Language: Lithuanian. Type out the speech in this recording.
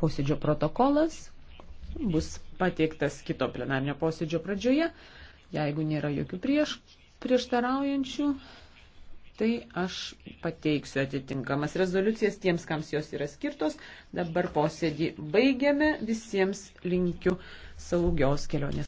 Posėdžio protokolas bus pateiktas kito plenarnio posėdžio pradžioje. Jeigu nėra jokių prieš, prieštaraujančių, tai aš pateiksiu atitinkamas rezoliucijas tiems, kams jos yra skirtos. Dabar posėdį baigiame. Visiems linkiu saugios kelionės.